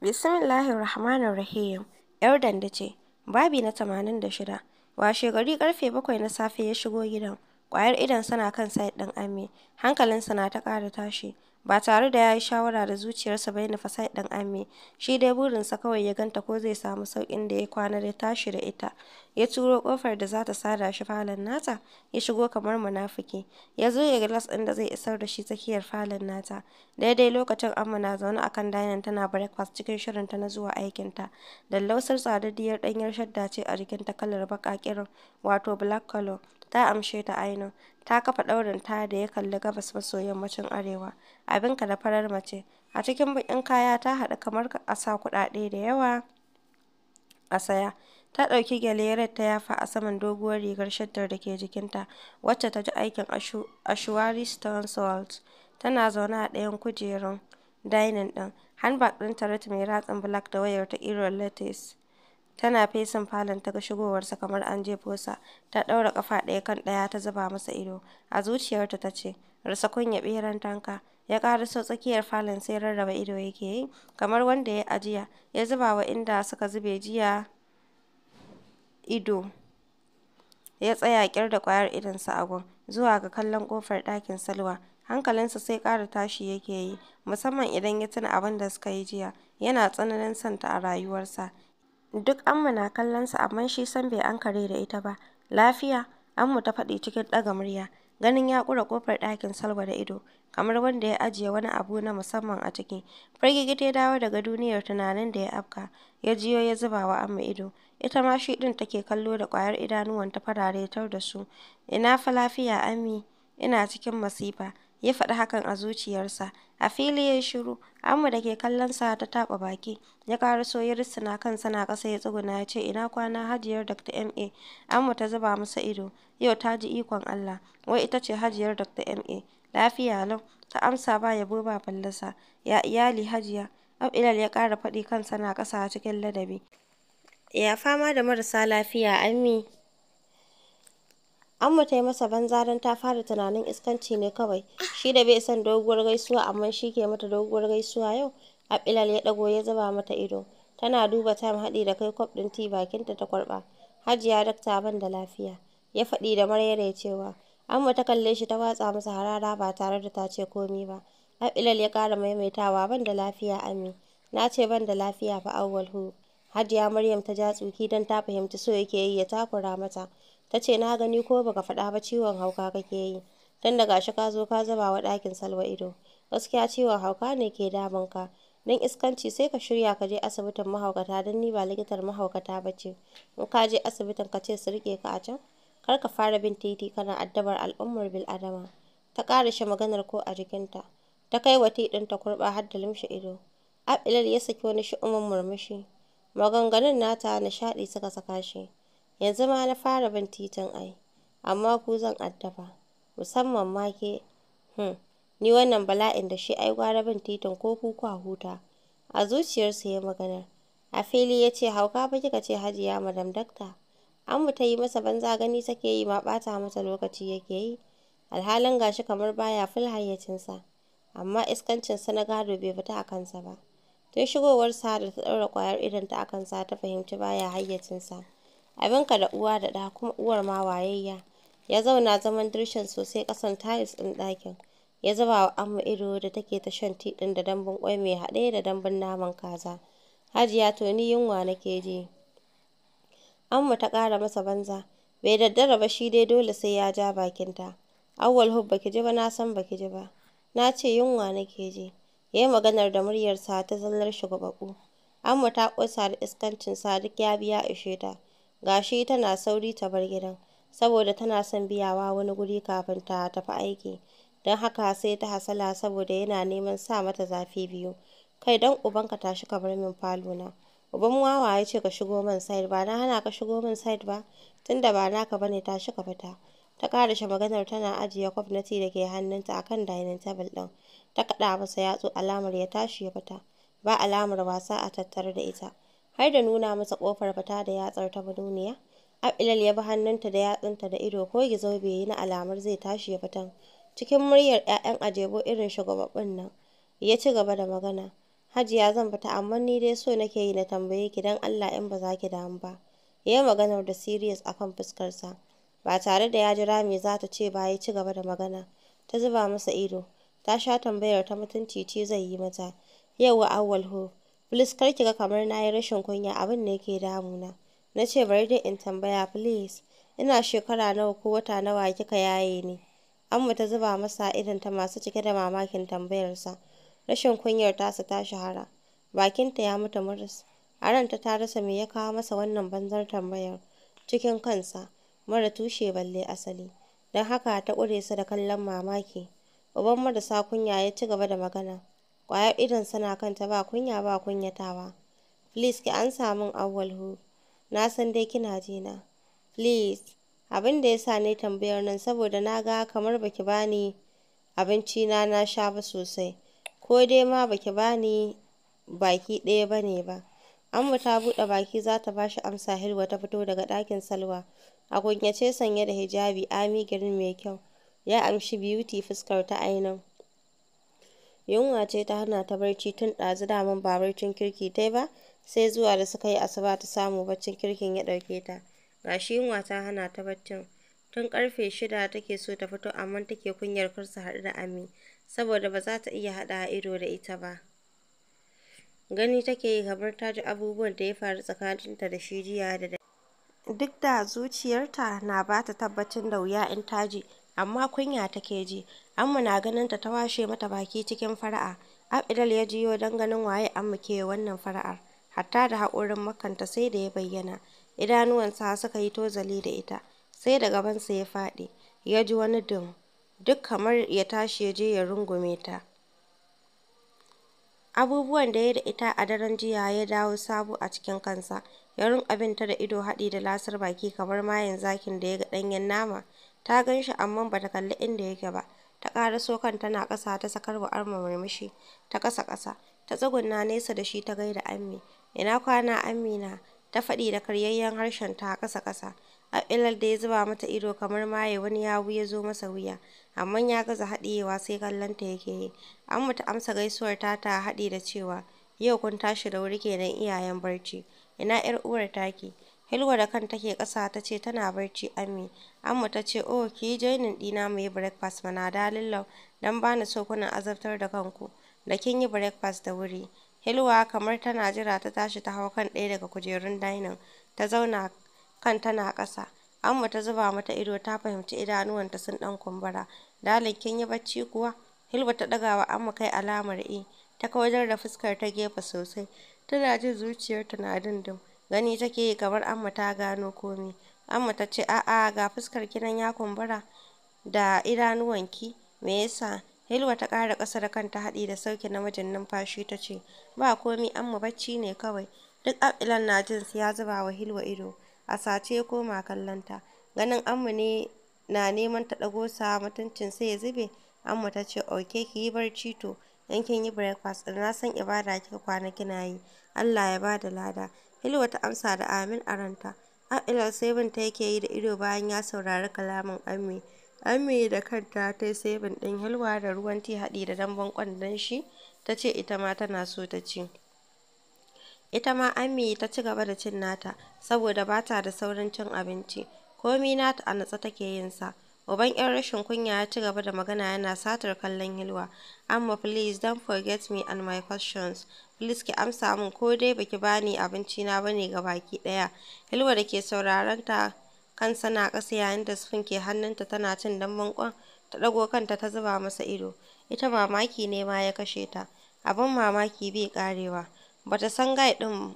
Bismillahir Rahmanir Rahim. ‘Yar danda ce, babi na 86. Washe gari karfe bakwai na safe ya shigo gidan. Kwayar idon sana kan sayid ɗin Ami, hankalinsa na ta ƙara tashi. Ba tare da ya yi shawara da zuciyarsa ba ya nufi site ɗin shi dai burinsa kawai ya ganta ko zai samu sauƙin da ya kwana ya tashi da ita. Ya turo ƙofar da za ta sada shi falon nata, ya shigo kamar munafuki. Ya zo ya gilas ɗin da zai isar da shi tsakiyar falon nata. Daidai lokacin Amma na zaune a kan tana breakfast cikin shirin ta na zuwa aikinta. Dallausar tsadaddiyar ɗanyar shadda ce a jikinta kalar baƙa wato black color, ta amshe ta Aina, ta kafa ɗaurin ta da ya kalli gabas maso yammacin arewa, abinka da farar mace, a cikin baƙin kaya ta haɗu kamar a sa kuɗaɗe da yawa a saya. Ta ɗauki gyale ta yafa a saman doguwar rigar shaddar da ke jikinta, wacce ta ji aikin stone salt. Tana zaune a ɗayan kujerun dining ɗin, handbag ɗinta red mai ratsin black da wayar ta irin lace Tana fesin falon ta ga shigowarsa kamar an jefo sa, ta ɗaura ƙafa ɗaya kan ɗaya ta zuba masa ido. A zuciyarta ta ce, Rasa kunya ɓeran tanka. Ya ƙara so tsakiyar falon sai rarraba ido yake yi, kamar wanda ya ajiya, ya zuba wa inda suka zube jiya ido. Ya tsaya ƙyar da ƙwayar idonsa a gun, zuwa ga kallon ƙofar ɗakin Salwa. hankalinsa sai ƙara tashi yake yi, musamman idan ya tuna abin da suka yi jiya, yana tsananin santa a rayuwarsa. Duk Amma na kallon sa amma shi san bai ankare da ita ba. Lafiya? Ammu ta faɗi cikin ɗaga murya, ganin ya ƙura kofar ɗakin Salwa da ido, kamar wanda ya ajiye wani abu na musamman a ciki. Fargigita ya dawo daga duniyar tunanin da ya afka, ya jiyo ya zuba wa Amma ido. Ita ma shi ɗin take kallo da kwayar idanuwan ta farare tar da su. Ina fa lafiya Ami? Ina cikin masifa. ya faɗi hakan a zuciyarsa. A fili ya yi shiru, Amma da ke kallon sa ta taɓa baki, ya ƙara ya suna kan sana ƙasa ya tsuguna ya ce, Ina kwana hajiyar Dr. M.A. Amma ta zuba masa ido, yau ta ji ikon Allah, wai ita ce hajiyar Dr. M.A. Lafiya lau, ta amsa ba ya ba fallasa, ya iyali hajiya. Ab'ilal ya ƙara faɗi kan sana ƙasa cikin ladabi. Ya fama da marasa lafiya, Ami. Amma ta yi masa banza don ta fara tunanin iskanci ne kawai. Shi da bai son doguwar gaisuwa amma shi ke mata doguwar gaisuwa yau. Abilal ya ɗago ya zuba mata ido. Tana duba time haɗi da kai kwaf ɗin ti bakinta ta kwarɓa. Hajiya dakta ban da lafiya. Ya faɗi da marere cewa. Amma ta kalle shi ta watsa masa harara ba tare da ta ce komi ba. Abilal ya ƙara maimaitawa ban da lafiya Ami. Na ce ban da lafiya fa awwal Hajiya Maryam ta ja tsuki don ta fahimci so yake yi ya takura mata. ta ce na gani ko baka faɗa ba ciwon hauka kake yi dan da gashi ka zo ka zaba wa ɗakin salwa ido gaskiya ciwon hauka ne ke damun ka don iskanci sai ka shirya ka je asibitin mahaukata don ni ba likitar mahaukata ba ce in ka je asibitin ka ce su rike ka a can kar ka fara bin titi kana addabar al'ummar bil'adama ta ƙara shi maganar ko a jikinta ta kai wa ta kurɓa har da limshe ido Abilal ya saki wani shi'umin murmushi maganganun nata nishaɗi suka saka shi Yanzu ma na fara bin titin ai, amma ku zan addaba, musamman ma ke, hmm, ni wannan bala'in da shi ai gwara bin titin ko ku kwa huta. A zuciyarsa ya magana. a fili ya ce hauka ba kika ce hajiya madam dakta. mu ta yi masa banza gani take yi ma ɓata masa lokaci yake yi, alhalin gashi kamar baya fil hayyacinsa, amma iskancinsa na gado bai fita a kansa ba. Tun shigowarsa da ta ɗaura ƙwayar idanta a kansa ta fahimci baya hayyacinsa. abinka da uwa da ɗa kuma uwar ma wayayya ya zauna zaman dirshan sosai ƙasan tiles ɗin ɗakin ya zuba wa amma ido da take ta shan ti ɗin da dambun ƙwai mai haɗe da dambun naman kaza hajiya to ni yunwa nake ji amma ta ƙara masa banza bai daddara ba shi dai dole sai ya ja bakinta awwal hub baki ji ba na san baki ji ba na ce yunwa nake ji yayi maganar da muryarsa ta zallar shugabaku amma ta ƙosa da iskancin sa ya biya ishe ta gashi tana sauri ta bar gidan saboda tana son biyawa wani guri kafin ta tafi aiki don haka sai ta hasala saboda yana neman sa mata zafi biyu kai dan ubanka tashi ka bar min falona uban wawa ya ce ka shigo min side ba na hana ka shigo min side ba tunda ba naka bane tashi ka fita ta karashe maganar tana ajiye kwaf na ti da ke hannunta akan dining table din ta kaɗa masa yatsu alamar ya tashi ya fita ba alamar wasa a tattare da ita har da nuna masa kofar fita da yatsar ta manuniya. Abilal ya bi hannunta da yatsunta da ido ko gizo bai yi na alamar zai tashi ya fitan. Cikin muryar 'ya'yan ajebo irin shugababbin nan, ya ci gaba da magana. Hajiya zan fita amma ni dai so nake yi na tambaye ki don Allah in ba za ki damu ba. Ya yi maganar da serious kan fuskarsa, ba tare da ya jira me za ta ce ba ya ci gaba da magana. Ta zuba masa ido, ta sha tambayar ta mutunci ce zai yi mata. Yau wa Auwal ho, Please kar ki ga kamar na yi rashin kunya abin ne ke damuna. Na ce bari dai in tambaya please. Ina shekara nawa ko wata nawa kika yaye ni? Amma ta zuba masa idan ta masu cike da mamakin tambayarsa. Rashin kunyar ta tasa ta shahara. Bakinta ya mutu muris. A ranta ta rasa me ya kawo masa wannan banzar tambayar. Cikin kansa, mara tushe balle asali. dan haka ta ƙure su da kallon mamaki. Uban marasa kunya ya ci gaba da magana. Ƙwayar idonsa na kanta ba kunya ba kunyatawa. Please ki ansa min awwal hu. Na san dai kina ji na. Please. Abin da ya sa ni tambayar nan saboda na ga kamar baki bani abinci na na sha ba sosai. Ko dai ma baki bani baki ɗaya bane ba. Amma ta buɗe baki za ta ba shi amsa Hilwa ta fito daga ɗakin Salwa. A kunyace sanye da hijabi Ami girin mai kyau. Ya amshi beauty fuskar ta ainihin. Yunwa ce ta hana ta barci tun ɗazu daman ba barcin kirki ta ba, sai zuwa da suka yi asuba ta samu barcin kirkin ya ɗauke ta. Ga shi yunwa ta hana ta barcin. Tun ƙarfe shida take so ta fito amma take kunyar kar su haɗu da Ami, saboda ba za ta iya haɗa ido da ita ba. Gani take yi kamar ta ji abubuwan da ya faru tsakaninta da shi jiya da dare. Duk da zuciyarta na ba ta tabbacin da wuya in ta ji, amma kunya take ji amma na ganin ta ta washe mata baki cikin fara'a abidal ya jiyo don ganin waye amma ke wannan fara'ar hatta da haƙurin makanta sai da ya bayyana idanuwansa suka yi tozali da ita sai da gabansa ya faɗi ya ji wani dum duk kamar ya tashi ya je ya rungume ta abubuwan da ya da ita a daren jiya ya dawo sabo a cikin kansa ya abin ta da ido haɗi da lasar baki kamar mayan zakin da ya ga ɗanyen nama Ta gan shi amma ba ta kalli inda yake ba. Ta ƙara so kan tana ƙasa ta sakar wa Arma murmushi ta ƙasa-ƙasa. Ta tsugunna nesa da shi ta gaida Ammi. Ina kwana Amina? Ta faɗi da karyayyen harshen ta ƙasa-ƙasa. Abilal da ya zuba mata ido kamar maye wani yawu ya zo masa wuya, amma ya gaza haɗiyewa sai kallonta yake yi. Amma ta amsa gaisuwar ta ta haɗi da cewa, Yau kun tashi da wuri kenan iyayen barci. Ina 'yar uwar taki? Hilwa da kanta ke ƙasa ta ce tana barci Ami. Amma ta ce, "Oh, ki yi joinin ɗina mu yi breakfast mana dalilau don ba ni so kuna azabtar da kanku da kin yi breakfast da wuri." Hilwa kamar tana jira ta tashi ta hau kan ɗaya daga kujerun dining ta zauna kan tana ƙasa. Amma ta zuba mata ido ta fahimci idanuwanta sun ɗan kumbura. Dalin kin yi bacci kuwa? Hilwa ta ɗaga wa Amma kai alamar E. Ta kawadar da fuskar ta gefe sosai. Tana jin zuciyarta na dindin. gani take yi kamar amma ta gano komi amma ta ce a'a ga fuskar kinan ya kumbura da idanuwanki me yasa Hilwa ta ƙara ƙasa da kanta haɗi da na namijin numfashi ta ce ba komi amma bacci ne kawai duk abilan na jin ya zuba wa Hilwa ido a sace koma kallonta ganin amma ne na neman ta ɗago sa mutuncin sai ya zube amma ta ce oke ki yi barci to in kin yi breakfast na san ibada kika kwana kina yi Allah ya bada lada Hilwa ta amsa da amin a ranta. Abilal sai bin ta yake yi da ido bayan ya saurari kalamin Ammi. ami da kanta ta yi sabin ɗin Hilwa da ruwan ti haɗi da dambon kwandon shi ta ce ita ma tana so ta ci. Ita ma Ammi ta ci gaba da cin nata saboda ba ta da saurin cin abinci. Komi nata a natsa take yin sa. Uban 'yan rashin kunya ya ci gaba da magana yana satar kallon Hilwa. Amma please don't forget me and my questions. Please ki amsa min ko dai baki bani abinci na bane ga baki daya. Hilwa da ke sauraron ta kansa na ƙasa yayin da sufin ke hannunta tana cin damban kwan ta dago kanta ta zuba masa ido. Ita mamaki ne ma ya kashe ta. Abin mamaki bai karewa. Bata san gai din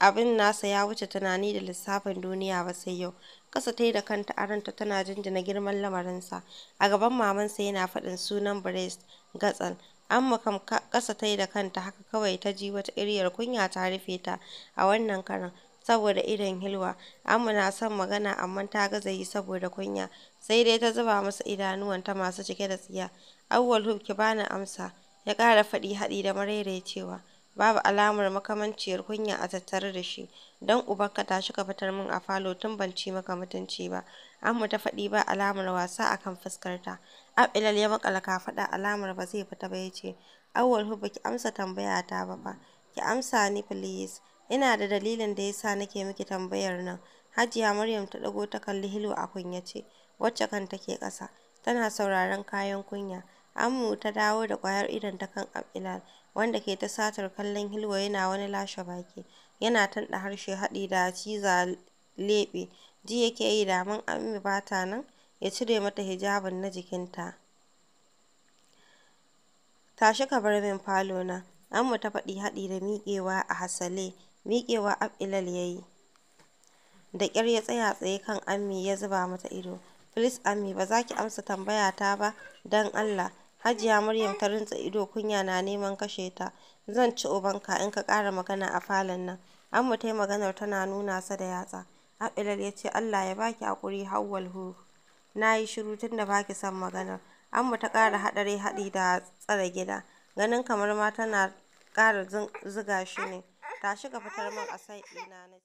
abin nasa ya wuce tunani da lissafin duniya ba sai yau kasa ta da kanta aranta tana jinjina girman lamarinsa a gaban mamansa yana faɗin sunan brest gatsal an kam kasa ta da kanta haka kawai ta ji wata iriyar kunya ta rufe ta a wannan karan saboda idon hilwa amma na son magana amma ta gaza yi saboda kunya sai dai ta zuba masa idanuwan ta masu cike da tsiya awwal hukki ki bani amsa ya ƙara faɗi haɗi da cewa babu alamar makamanciyar kunya a tattare da shi. Don ubanka tashi ka fitar min a falo tun ban ci maka mutunci ba. Amma ta faɗi ba alamar wasa a kan fuskarta. Abilal ya makala kafaɗa alamar ba zai fita ba ya ce, Awwal hu baki amsa tambaya ta ba fa. Ki amsa ni please. Ina da dalilin da yasa nake miki tambayar nan. Hajiya Maryam ta ɗago ta kalli Hilo a kunya ce wacce kan take ƙasa. Tana sauraron kayan kunya. mu ta dawo da kwayar idon ta kan Abilal. wanda ke ta satar kallon Hilwa yana wani lashe baki, yana tanɗa harshe haɗi da ciza leɓe, ji yake yi mun Ammi ba ta nan ya cire mata hijabin na jikinta. Tashi ka bar min falo na, mu ta faɗi haɗi da miƙewa a hasale, miƙewa Ab'ilal ya yi. Da ƙyar ya tsaya tsaye kan Ammi ya zuba mata ido. Please Ammi ba za ki amsa tambaya ta ba, don Allah. Hajiya Maryam ta rintsa ido kunya na neman kashe ta. Zan ci ubanka in ka ƙara magana a falon nan. Amma ta yi maganar tana nuna sa da yatsa. Abelal ya ce Allah ya baki haƙuri Hauwal hu. Na yi shiru tun da baki son maganar. mu ta ƙara haɗari haɗi da tsare gida. Ganin kamar ma tana ƙara zuga shi ne. Tashi ka fitar min a sai ina na